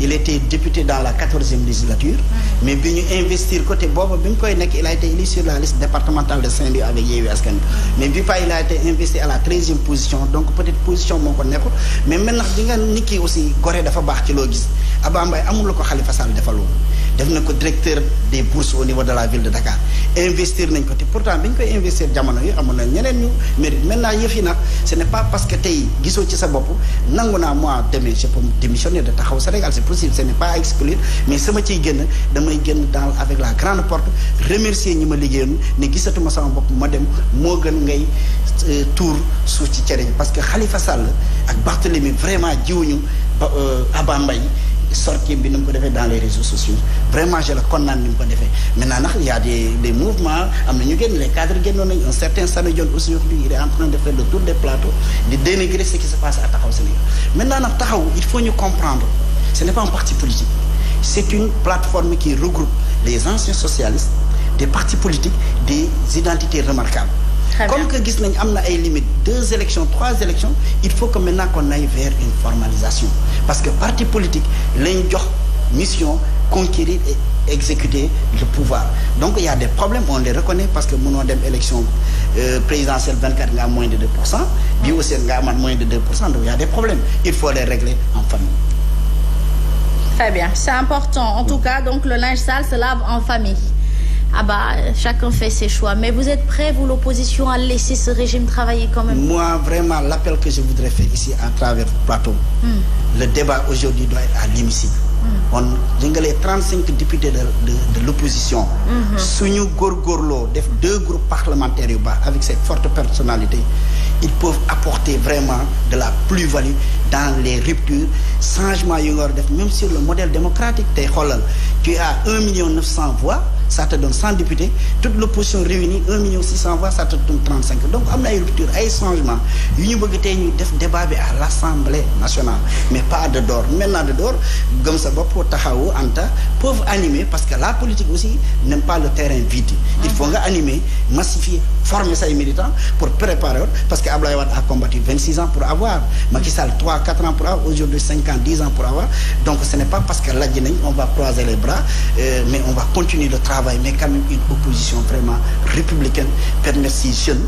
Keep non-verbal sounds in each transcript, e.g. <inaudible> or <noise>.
il était député dans la 14e législature mais venu investir côté Bobo, bi il a été élu sur la liste départementale de Saint-Louis avec Yewwi Asken mais bi pas il a été investi à la 13e position donc peut-être position moo ko mais maintenant il nga niki Niki aussi gore dafa baax ci loo gis ko Khalifa Sall defaloo def directeur des bourses au niveau de la ville de Dakar investir nañ ko pourtant bi koy investir jamono yi amoon na ñeneen ñu mais maintenant yëf yi ce n'est pas parce que tey gisoo ci sa bopp nangu naa moi demee je peux démissionner de Taxawu Sénégal possible ce n'est pas à exclure mais ce que je damay génn dans avec la grande porte remercier les gens qui ont été sama train de dem des gën ngay le euh, parce que Khalifa Sall et Barthélemy vraiment jiwuñu ba euh, Abba sortie dans les réseaux sociaux vraiment je le condamne maintenant il y a des des mouvements les cadres génnoon un certain aussi il est en train de faire le tour des plateaux de dénigrer ce qui se passe à Taxawu maintenant il faut nous comprendre ce n'est pas un parti politique. C'est une plateforme qui regroupe les anciens socialistes, des partis politiques, des identités remarquables. Comme que Amna a éliminé deux élections, trois élections, il faut que maintenant qu'on aille vers une formalisation. Parce que parti politique, l'indioc, mission, conquérir et exécuter le pouvoir. Donc il y a des problèmes, on les reconnaît parce que mon élection élection euh, présidentielle 24, il moins de 2%, bio aussi il y moins de 2%, donc il y a des problèmes. Il faut les régler en famille. Très bien, c'est important. En tout cas, donc le linge sale se lave en famille. Ah bah, chacun fait ses choix. Mais vous êtes prêt, vous, l'opposition, à laisser ce régime travailler quand même Moi, vraiment, l'appel que je voudrais faire ici, à travers le plateau, hmm. le débat aujourd'hui doit être à l'hémicycle on a 35 députés de l'opposition mhm. suñu gorlo deux groupes parlementaires avec cette forte personnalité ils peuvent apporter vraiment de la plus-value dans les ruptures changement même sur le modèle démocratique tu as 1 million de voix ça te donne 100 députés. Toute l'opposition réunie, 1 million 600 voix, ça te donne 35. Donc, on a une rupture, un changement. Nous avons fait débat à l'Assemblée nationale, mais pas de dehors. Maintenant, de dehors, comme ça, pour Tahao, Anta, peuvent animer parce que la politique aussi n'aime pas le terrain vide. Il faut animer, massifier, former ses militants pour préparer, parce qu'Ablaïwad a combattu 26 ans pour avoir, Macky Sall 3, 4 ans pour avoir, aujourd'hui 5 ans, 10 ans pour avoir. Donc, ce n'est pas parce que là, on va croiser les bras, euh, mais on va continuer de travailler mais quand même une opposition vraiment républicaine permet ces jeunes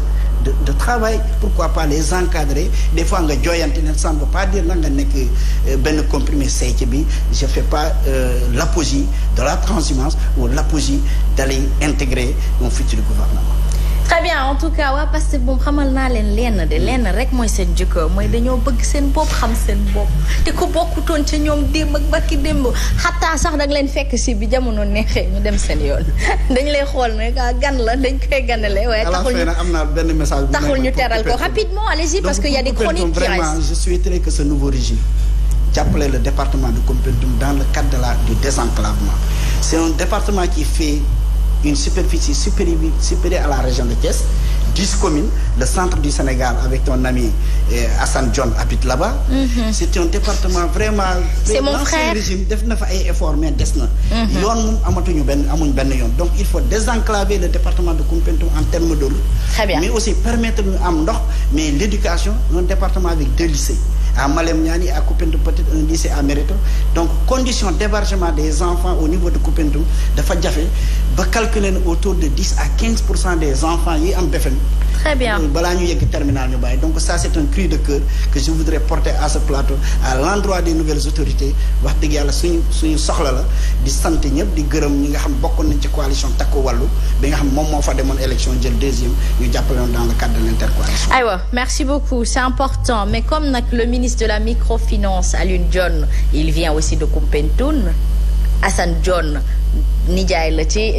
de, travailler, travail, pourquoi pas les encadrer. Des fois, on ne veut pas dire que euh, ben comprimé c'est je ne fais pas euh, l'apogie de la transhumance ou l'apogie d'aller intégrer mon futur gouvernement très bien en tout cas xamal len len de rek moy sen bëgg xam te ko ak bakki sax fekk bi jamono ñu dem <laughs> dañ lay gan la dañ koy taxul ñu rapidement allez-y parce que y a des chroniques qui restent vraiment je souhaiterais que ce nouveau régime le département de dans le cadre de la du désenclavement c'est un département qui fait une superficie supérieure, à la région de Thiès, 10 communes, le centre du Sénégal avec ton ami Hassan eh, John habite là-bas. Mhm. C'est un département vraiment. C'est mon frère. Mhm. donc il faut désenclaver le département de Kumpento en termes de l'eau. mais aussi permettre à am mais l'éducation un département avec deux lycées à Malem à Kupendou, peut-être un lycée à Mérito. Donc, condition d'hébergement des enfants au niveau de Kupendou, de Fadjafé, va calculer autour de 10 à 15% des enfants qui ont bébé. Très bien. Euh, Donc, ça, c'est un cri de cœur que je voudrais porter à ce plateau, à l'endroit des nouvelles autorités. wax dëgg yàlla suñu suñu soxla la di a ñëpp di gërëm ñi nga xam coalition takku wàllu bi nga xam moom élection jël deuxième dans le cadre de l'intercoalition. merci beaucoup c'est important mais comme le ministre de la microfinance, à lune John, il vient aussi de Kumpentoun. San John, la ci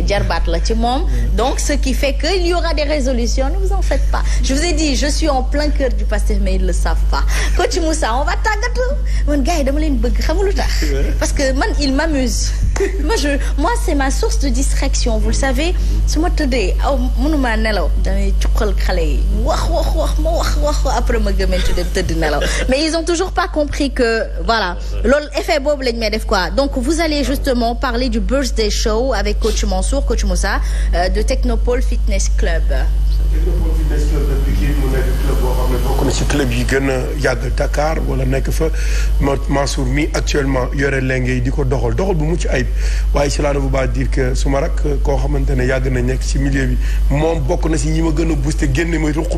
donc ce qui fait que il y aura des résolutions ne vous en faites pas je vous ai dit je suis en plein cœur du pasteur mais ils le savent pas coach Moussa on va tout mon gars parce que man il m'amuse moi je moi c'est ma source de distraction vous le savez Ce ma de, aw mënumaa nelaw damay cuqal xale wax wax wax ma wax wax après ma gëmantu te tëdd nelaw mais ils ont toujours pas compris que voilà l'effet Bob boobu may def quoi donc vous allez justement parler du birthday show avec coach Mansour coach Moussa euh, de Technopole Fitness Club Technopole Fitness Club bokk na ci club yi gën a yàgg Dakar wala nekk fa Mansour mi actuellement yore lenge di ko doxal doxal bu mucc ay waaye cela ne veut pas dire que su ma koo xamante ne yàgg na nekk ci milieu bi moom bokk na si ñi ma gën a booster génne ma ruq